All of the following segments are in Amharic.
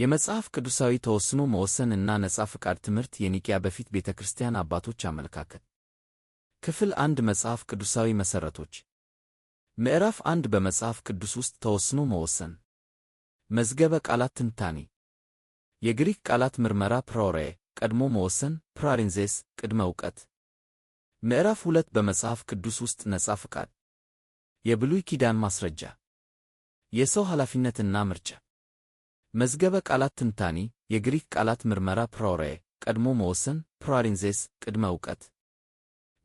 የመጽሐፍ ቅዱሳዊ ተወስኖ መወሰን እና ነጻ ፍቃድ ትምህርት የኒቅያ በፊት ቤተ ክርስቲያን አባቶች አመለካከት። ክፍል አንድ መጽሐፍ ቅዱሳዊ መሠረቶች። ምዕራፍ አንድ በመጽሐፍ ቅዱስ ውስጥ ተወስኖ መወሰን። መዝገበ ቃላት ትንታኔ። የግሪክ ቃላት ምርመራ ፕሮሬ ቀድሞ መወሰን ፕራሪንዜስ፣ ቅድመ ዕውቀት። ምዕራፍ ሁለት በመጽሐፍ ቅዱስ ውስጥ ነጻ ፍቃድ። የብሉይ ኪዳን ማስረጃ፣ የሰው ኃላፊነትና ምርጫ መዝገበ ቃላት ትንታኔ የግሪክ ቃላት ምርመራ ፕሮሬ ቀድሞ መወሰን ፕሮሪንዜስ ቅድመ እውቀት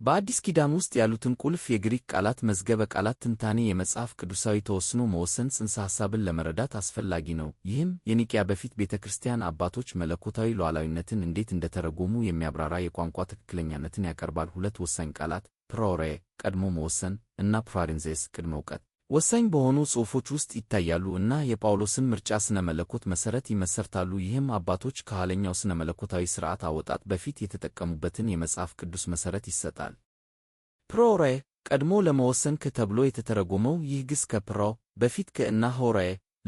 በአዲስ ኪዳን ውስጥ ያሉትን ቁልፍ የግሪክ ቃላት መዝገበ ቃላት ትንታኔ የመጽሐፍ ቅዱሳዊ ተወስኖ መወሰን ጽንሰ ሐሳብን ለመረዳት አስፈላጊ ነው። ይህም የኒቅያ በፊት ቤተ ክርስቲያን አባቶች መለኮታዊ ሉዓላዊነትን እንዴት እንደተረጎሙ የሚያብራራ የቋንቋ ትክክለኛነትን ያቀርባል። ሁለት ወሳኝ ቃላት ፕሮሬ ቀድሞ መወሰን እና ፕራሪንዜስ ቅድመ እውቀት ወሳኝ በሆኑ ጽሑፎች ውስጥ ይታያሉ እና የጳውሎስን ምርጫ ስነ መለኮት መሠረት ይመሰርታሉ። ይህም አባቶች ከኋለኛው ስነ መለኮታዊ ሥርዓት አወጣጥ በፊት የተጠቀሙበትን የመጽሐፍ ቅዱስ መሠረት ይሰጣል። ፕሮሬ ቀድሞ ለመወሰን ከ ተብሎ የተተረጎመው ይህ ግስ ከፕሮ በፊት ከእና ሆሬ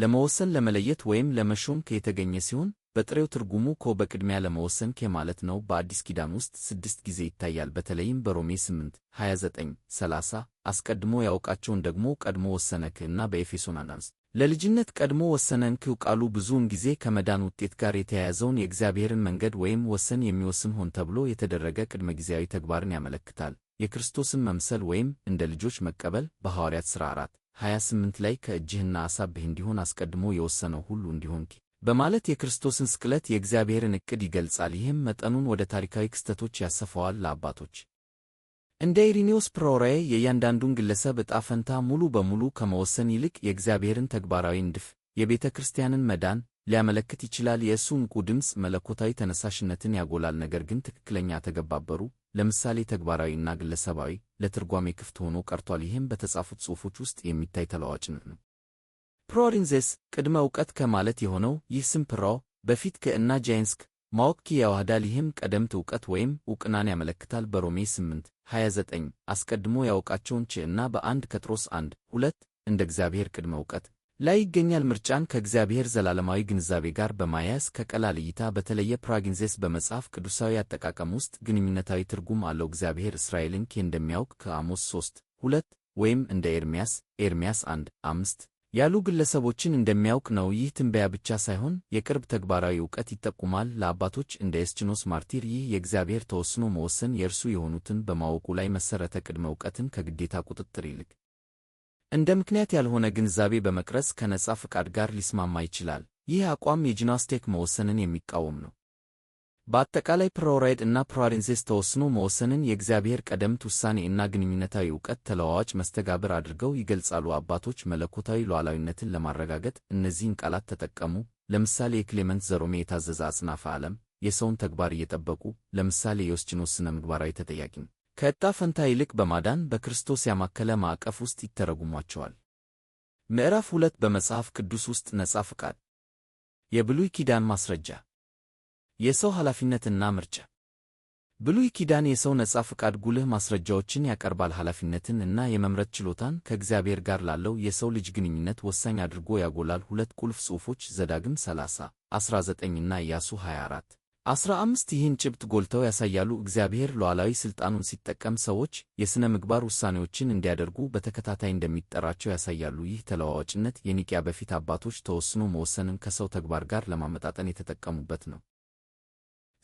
ለመወሰን ለመለየት ወይም ለመሾም ከ የተገኘ ሲሆን በጥሬው ትርጉሙ ኮ በቅድሚያ ለመወሰን ኬ ማለት ነው። በአዲስ ኪዳን ውስጥ ስድስት ጊዜ ይታያል። በተለይም በሮሜ 8 29 30 አስቀድሞ ያውቃቸውን ደግሞ ቀድሞ ወሰነክ እና በኤፌሶን አናንስ ለልጅነት ቀድሞ ወሰነንክ ቃሉ ብዙውን ጊዜ ከመዳን ውጤት ጋር የተያያዘውን የእግዚአብሔርን መንገድ ወይም ወሰን የሚወስን ሆን ተብሎ የተደረገ ቅድመ ጊዜያዊ ተግባርን ያመለክታል። የክርስቶስን መምሰል ወይም እንደ ልጆች መቀበል በሐዋርያት ሥራ 4 28 ላይ ከእጅህና አሳብህ እንዲሆን አስቀድሞ የወሰነው ሁሉ እንዲሆንኪ በማለት የክርስቶስን ስቅለት የእግዚአብሔርን ዕቅድ ይገልጻል። ይህም መጠኑን ወደ ታሪካዊ ክስተቶች ያሰፋዋል። ለአባቶች እንደ ኢሪኔዎስ ፕሮራዬ የእያንዳንዱን ግለሰብ ዕጣ ፈንታ ሙሉ በሙሉ ከመወሰን ይልቅ የእግዚአብሔርን ተግባራዊ ንድፍ፣ የቤተ ክርስቲያንን መዳን ሊያመለክት ይችላል። የእሱ ዕንቁ ድምፅ መለኮታዊ ተነሳሽነትን ያጎላል፣ ነገር ግን ትክክለኛ ተገባበሩ ለምሳሌ ተግባራዊና ግለሰባዊ ለትርጓሜ ክፍት ሆኖ ቀርቷል። ይህም በተጻፉት ጽሑፎች ውስጥ የሚታይ ተለዋጭነት ነው። ፕሮሪንዜስ ቅድመ እውቀት ከማለት የሆነው ይህ ስም ፕሮ በፊት ከእና ጃይንስክ ማወቅ ያዋህዳል። ይህም ቀደምት እውቀት ወይም ዕውቅናን ያመለክታል። በሮሜ 8 29 አስቀድሞ ያውቃቸውን ች እና በአንድ ከጥሮስ 1 ሁለት እንደ እግዚአብሔር ቅድመ እውቀት ላይ ይገኛል። ምርጫን ከእግዚአብሔር ዘላለማዊ ግንዛቤ ጋር በማያያዝ ከቀላል እይታ በተለየ ፕራጊንዜስ በመጽሐፍ ቅዱሳዊ አጠቃቀም ውስጥ ግንኙነታዊ ትርጉም አለው። እግዚአብሔር እስራኤልን ኬ እንደሚያውቅ ከአሞስ 3 ሁለት ወይም እንደ ኤርምያስ ኤርምያስ 1 አምስት ያሉ ግለሰቦችን እንደሚያውቅ ነው። ይህ ትንበያ ብቻ ሳይሆን የቅርብ ተግባራዊ እውቀት ይጠቁማል። ለአባቶች እንደ ኤስችኖስ ማርቲር ይህ የእግዚአብሔር ተወስኖ መወሰን የእርሱ የሆኑትን በማወቁ ላይ መሰረተ ቅድመ እውቀትን ከግዴታ ቁጥጥር ይልቅ እንደ ምክንያት ያልሆነ ግንዛቤ በመቅረጽ ከነጻ ፈቃድ ጋር ሊስማማ ይችላል። ይህ አቋም የጂናስቴክ መወሰንን የሚቃወም ነው። በአጠቃላይ ፕሮራይድ እና ፕሮሪንዚስ ተወስኖ መወሰንን የእግዚአብሔር ቀደምት ውሳኔ እና ግንኙነታዊ እውቀት ተለዋዋጭ መስተጋብር አድርገው ይገልጻሉ። አባቶች መለኮታዊ ሉዓላዊነትን ለማረጋገጥ እነዚህን ቃላት ተጠቀሙ። ለምሳሌ የክሌመንት ዘሮሜ የታዘዘ አጽናፈ ዓለም የሰውን ተግባር እየጠበቁ ለምሳሌ የኦስቲኖስ ስነ ምግባራዊ ተጠያቂ። ከዕጣ ፈንታ ይልቅ በማዳን በክርስቶስ ያማከለ ማዕቀፍ ውስጥ ይተረጉሟቸዋል። ምዕራፍ ሁለት በመጽሐፍ ቅዱስ ውስጥ ነጻ ፍቃድ። የብሉይ ኪዳን ማስረጃ የሰው ኃላፊነትና ምርጫ ብሉይ ኪዳን የሰው ነጻ ፈቃድ ጉልህ ማስረጃዎችን ያቀርባል። ኃላፊነትን እና የመምረጥ ችሎታን ከእግዚአብሔር ጋር ላለው የሰው ልጅ ግንኙነት ወሳኝ አድርጎ ያጎላል። ሁለት ቁልፍ ጽሑፎች ዘዳግም 30 19 እና ኢያሱ 24 15 ይህን ጭብጥ ጎልተው ያሳያሉ። እግዚአብሔር ሉዓላዊ ሥልጣኑን ሲጠቀም ሰዎች የሥነ ምግባር ውሳኔዎችን እንዲያደርጉ በተከታታይ እንደሚጠራቸው ያሳያሉ። ይህ ተለዋዋጭነት የኒቅያ በፊት አባቶች ተወስኖ መወሰንን ከሰው ተግባር ጋር ለማመጣጠን የተጠቀሙበት ነው።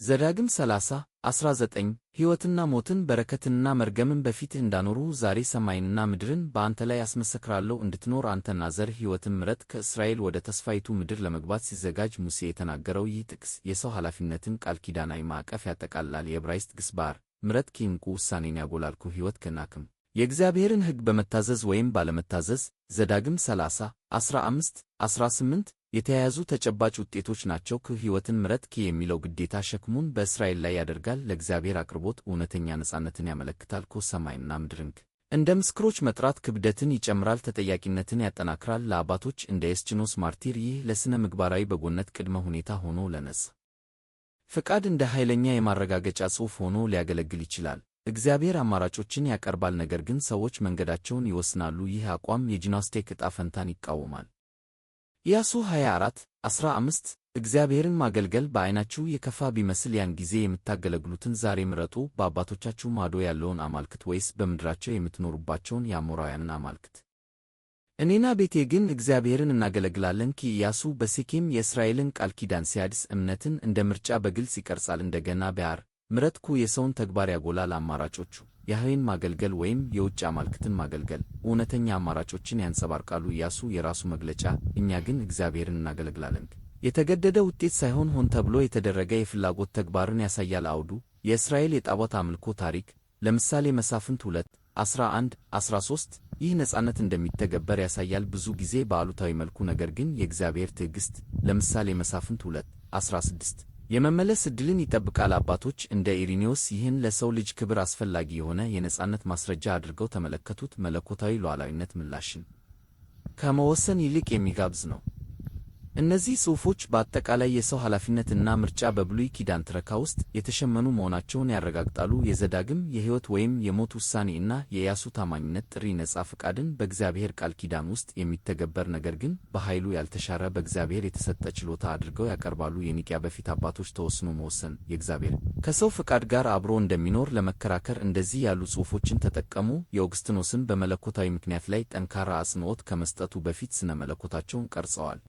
ዘዳግም 30 19 ሕይወትና ሞትን በረከትንና መርገምን በፊትህ እንዳኖሩ ዛሬ ሰማይንና ምድርን በአንተ ላይ አስመሰክራለሁ እንድትኖር አንተና ዘርህ ሕይወትን ምረት። ከእስራኤል ወደ ተስፋይቱ ምድር ለመግባት ሲዘጋጅ ሙሴ የተናገረው ይህ ጥቅስ የሰው ኃላፊነትን ቃል ኪዳናዊ ማዕቀፍ ያጠቃልላል። የዕብራይስጥ ግስ ባር ምረት ኪንቁ ውሳኔን ያጎላልኩ ሕይወት ከናክም የእግዚአብሔርን ሕግ በመታዘዝ ወይም ባለመታዘዝ ዘዳግም 30 15 18 የተያያዙ ተጨባጭ ውጤቶች ናቸው። ከሕይወትን ምረት ክ የሚለው ግዴታ ሸክሙን በእስራኤል ላይ ያደርጋል። ለእግዚአብሔር አቅርቦት እውነተኛ ነጻነትን ያመለክታል። ኮ ሰማይና ምድርን እንደ ምስክሮች መጥራት ክብደትን ይጨምራል፣ ተጠያቂነትን ያጠናክራል። ለአባቶች እንደ የስችኖስ ማርቲር ይህ ለሥነ ምግባራዊ በጎነት ቅድመ ሁኔታ ሆኖ ለነጽ ፍቃድ እንደ ኃይለኛ የማረጋገጫ ጽሑፍ ሆኖ ሊያገለግል ይችላል። እግዚአብሔር አማራጮችን ያቀርባል፣ ነገር ግን ሰዎች መንገዳቸውን ይወስናሉ። ይህ አቋም የጂምናስቲክ ዕጣ ፈንታን ይቃወማል። ኢያሱ 24 15 እግዚአብሔርን ማገልገል በዐይናችሁ የከፋ ቢመስል ያን ጊዜ የምታገለግሉትን ዛሬ ምረጡ። በአባቶቻችሁ ማዶ ያለውን አማልክት ወይስ በምድራቸው የምትኖሩባቸውን የአሞራውያንን አማልክት? እኔና ቤቴ ግን እግዚአብሔርን እናገለግላለን። ኢያሱ በሴኬም የእስራኤልን ቃል ኪዳን ሲያድስ እምነትን እንደ ምርጫ በግልጽ ይቀርጻል። እንደገና ቢያር ምረትኩ የሰውን ተግባር ያጎላል። አማራጮቹ ያህዌን ማገልገል ወይም የውጭ አማልክትን ማገልገል እውነተኛ አማራጮችን ያንጸባርቃሉ። ኢያሱ የራሱ መግለጫ እኛ ግን እግዚአብሔርን እናገለግላለን የተገደደ ውጤት ሳይሆን ሆን ተብሎ የተደረገ የፍላጎት ተግባርን ያሳያል። አውዱ የእስራኤል የጣዖት አምልኮ ታሪክ ለምሳሌ መሳፍንት 2 11 13 ይህ ነጻነት እንደሚተገበር ያሳያል፣ ብዙ ጊዜ በአሉታዊ መልኩ። ነገር ግን የእግዚአብሔር ትዕግሥት ለምሳሌ መሳፍንት 2 16 የመመለስ ዕድልን ይጠብቃል። አባቶች እንደ ኢሪኔዎስ ይህን ለሰው ልጅ ክብር አስፈላጊ የሆነ የነጻነት ማስረጃ አድርገው ተመለከቱት። መለኮታዊ ሉዓላዊነት ምላሽን ከመወሰን ይልቅ የሚጋብዝ ነው። እነዚህ ጽሑፎች በአጠቃላይ የሰው ኃላፊነትና ምርጫ በብሉይ ኪዳን ትረካ ውስጥ የተሸመኑ መሆናቸውን ያረጋግጣሉ። የዘዳግም የሕይወት ወይም የሞት ውሳኔ እና የኢያሱ ታማኝነት ጥሪ ነጻ ፈቃድን በእግዚአብሔር ቃል ኪዳን ውስጥ የሚተገበር ነገር ግን በኃይሉ ያልተሻረ በእግዚአብሔር የተሰጠ ችሎታ አድርገው ያቀርባሉ። የኒቅያ በፊት አባቶች ተወስኖ መወሰን የእግዚአብሔር ከሰው ፈቃድ ጋር አብሮ እንደሚኖር ለመከራከር እንደዚህ ያሉ ጽሑፎችን ተጠቀሙ። የኦግስትኖስን በመለኮታዊ ምክንያት ላይ ጠንካራ አጽንኦት ከመስጠቱ በፊት ስነ መለኮታቸውን ቀርጸዋል።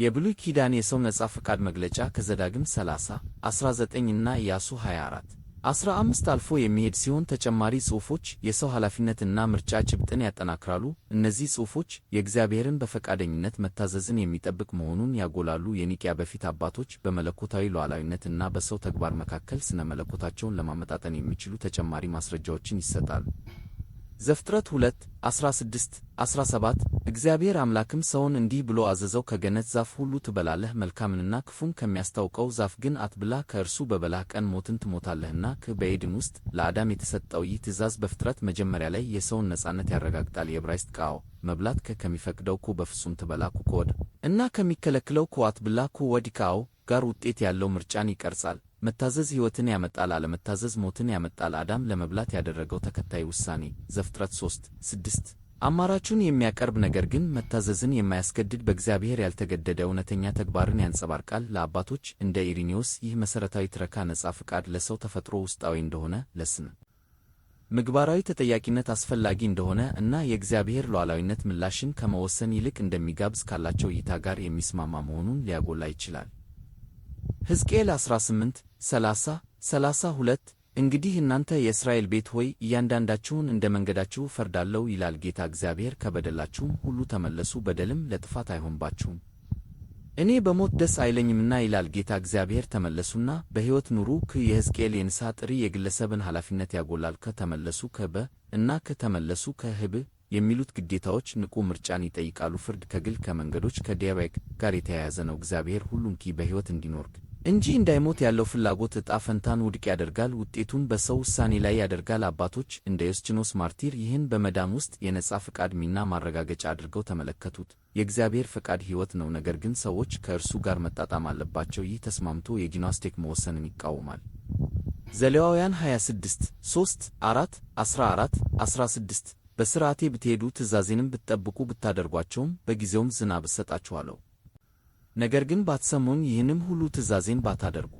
የብሉይ ኪዳን የሰው ነፃ ፈቃድ መግለጫ ከዘዳግም 30 19 እና ኢያሱ 24 15 አልፎ የሚሄድ ሲሆን ተጨማሪ ጽሑፎች የሰው ኃላፊነትና ምርጫ ጭብጥን ያጠናክራሉ። እነዚህ ጽሑፎች የእግዚአብሔርን በፈቃደኝነት መታዘዝን የሚጠብቅ መሆኑን ያጎላሉ። የኒቅያ በፊት አባቶች በመለኮታዊ ሉዓላዊነት እና በሰው ተግባር መካከል ስነ መለኮታቸውን ለማመጣጠን የሚችሉ ተጨማሪ ማስረጃዎችን ይሰጣሉ። ዘፍጥረት 2 16 17 እግዚአብሔር አምላክም ሰውን እንዲህ ብሎ አዘዘው፣ ከገነት ዛፍ ሁሉ ትበላለህ፣ መልካምንና ክፉን ከሚያስታውቀው ዛፍ ግን አትብላ፣ ከእርሱ በበላህ ቀን ሞትን ትሞታለህና። ክ በኤድን ውስጥ ለአዳም የተሰጠው ይህ ትእዛዝ በፍጥረት መጀመሪያ ላይ የሰውን ነጻነት ያረጋግጣል። የዕብራይስጥ ቃው መብላት ከ ከሚፈቅደው ኩ በፍጹም ትበላ ኩ ከወድ እና ከሚከለክለው ኩ አትብላ ኩ ወዲካው ጋር ውጤት ያለው ምርጫን ይቀርጻል። መታዘዝ ሕይወትን ያመጣል፣ አለመታዘዝ ሞትን ያመጣል። አዳም ለመብላት ያደረገው ተከታይ ውሳኔ ዘፍጥረት 3 6 አማራቹን የሚያቀርብ ነገር ግን መታዘዝን የማያስገድድ በእግዚአብሔር ያልተገደደ እውነተኛ ተግባርን ያንጸባርቃል። ለአባቶች እንደ ኢሪኒዮስ ይህ መሠረታዊ ትረካ ነፃ ፍቃድ ለሰው ተፈጥሮ ውስጣዊ እንደሆነ ለስነ ምግባራዊ ተጠያቂነት አስፈላጊ እንደሆነ እና የእግዚአብሔር ሉዓላዊነት ምላሽን ከመወሰን ይልቅ እንደሚጋብዝ ካላቸው እይታ ጋር የሚስማማ መሆኑን ሊያጎላ ይችላል። ሕዝቅኤል 18 ሰላሳ ሰላሳ ሁለት እንግዲህ እናንተ የእስራኤል ቤት ሆይ እያንዳንዳችሁን እንደ መንገዳችሁ ፈርዳለሁ ይላል ጌታ እግዚአብሔር። ከበደላችሁም ሁሉ ተመለሱ፣ በደልም ለጥፋት አይሆንባችሁም። እኔ በሞት ደስ አይለኝምና ይላል ጌታ እግዚአብሔር። ተመለሱና በሕይወት ኑሩ። ክ የሕዝቅኤል የንስሐ ጥሪ የግለሰብን ኃላፊነት ያጎላል። ከተመለሱ ከበ እና ከተመለሱ ከህብ የሚሉት ግዴታዎች ንቁ ምርጫን ይጠይቃሉ። ፍርድ ከግል ከመንገዶች ከዲያባይክ ጋር የተያያዘ ነው። እግዚአብሔር ሁሉን ኪ በሕይወት እንዲኖርግ እንጂ እንዳይሞት ያለው ፍላጎት ዕጣ ፈንታን ውድቅ ያደርጋል፣ ውጤቱን በሰው ውሳኔ ላይ ያደርጋል። አባቶች እንደ ዮስጢኖስ ማርቲር ይህን በመዳን ውስጥ የነጻ ፍቃድ ሚና ማረጋገጫ አድርገው ተመለከቱት። የእግዚአብሔር ፈቃድ ሕይወት ነው፣ ነገር ግን ሰዎች ከእርሱ ጋር መጣጣም አለባቸው። ይህ ተስማምቶ የግኖስቲክ መወሰንን ይቃወማል። ዘሌዋውያን 26 3 4 14 16 በሥርዓቴ ብትሄዱ ትእዛዜንም ብትጠብቁ ብታደርጓቸውም በጊዜውም ዝናብ እሰጣችኋለሁ ነገር ግን ባትሰሙኝ፣ ይህንም ሁሉ ትእዛዜን ባታደርጉ፣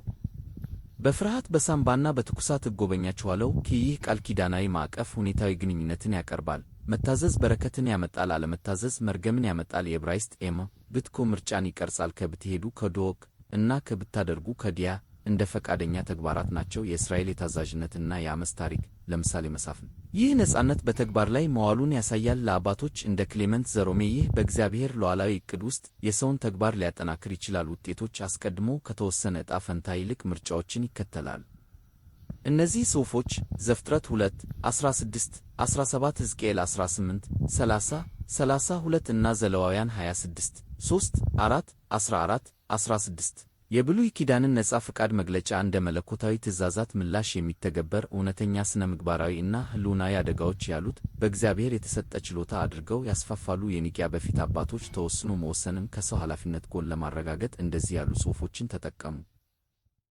በፍርሃት በሳምባና በትኩሳት እጎበኛችኋለሁ። ይህ ቃል ኪዳናዊ ማዕቀፍ ሁኔታዊ ግንኙነትን ያቀርባል። መታዘዝ በረከትን ያመጣል፣ አለመታዘዝ መርገምን ያመጣል። የዕብራይስጥ ኤማ ብትኮ ምርጫን ይቀርጻል። ከብትሄዱ ከዶክ እና ከብታደርጉ ከዲያ እንደ ፈቃደኛ ተግባራት ናቸው። የእስራኤል የታዛዥነትና የአመፅ ታሪክ ለምሳሌ መሳፍን። ይህ ነጻነት በተግባር ላይ መዋሉን ያሳያል። ለአባቶች እንደ ክሌመንት ዘሮሜ ይህ በእግዚአብሔር ሉዓላዊ ዕቅድ ውስጥ የሰውን ተግባር ሊያጠናክር ይችላል። ውጤቶች አስቀድሞ ከተወሰነ ዕጣ ፈንታ ይልቅ ምርጫዎችን ይከተላል። እነዚህ ጽሑፎች ዘፍጥረት 2 16 17 ሕዝቅኤል 18 30 32 እና ዘለዋውያን 26 3 4 14 16 የብሉይ ኪዳንን ነጻ ፈቃድ መግለጫ እንደ መለኮታዊ ትእዛዛት ምላሽ የሚተገበር እውነተኛ ሥነ ምግባራዊ እና ህልውናዊ አደጋዎች ያሉት በእግዚአብሔር የተሰጠ ችሎታ አድርገው ያስፋፋሉ። የኒቅያ በፊት አባቶች ተወስኖ መወሰንን ከሰው ኃላፊነት ጎን ለማረጋገጥ እንደዚህ ያሉ ጽሑፎችን ተጠቀሙ።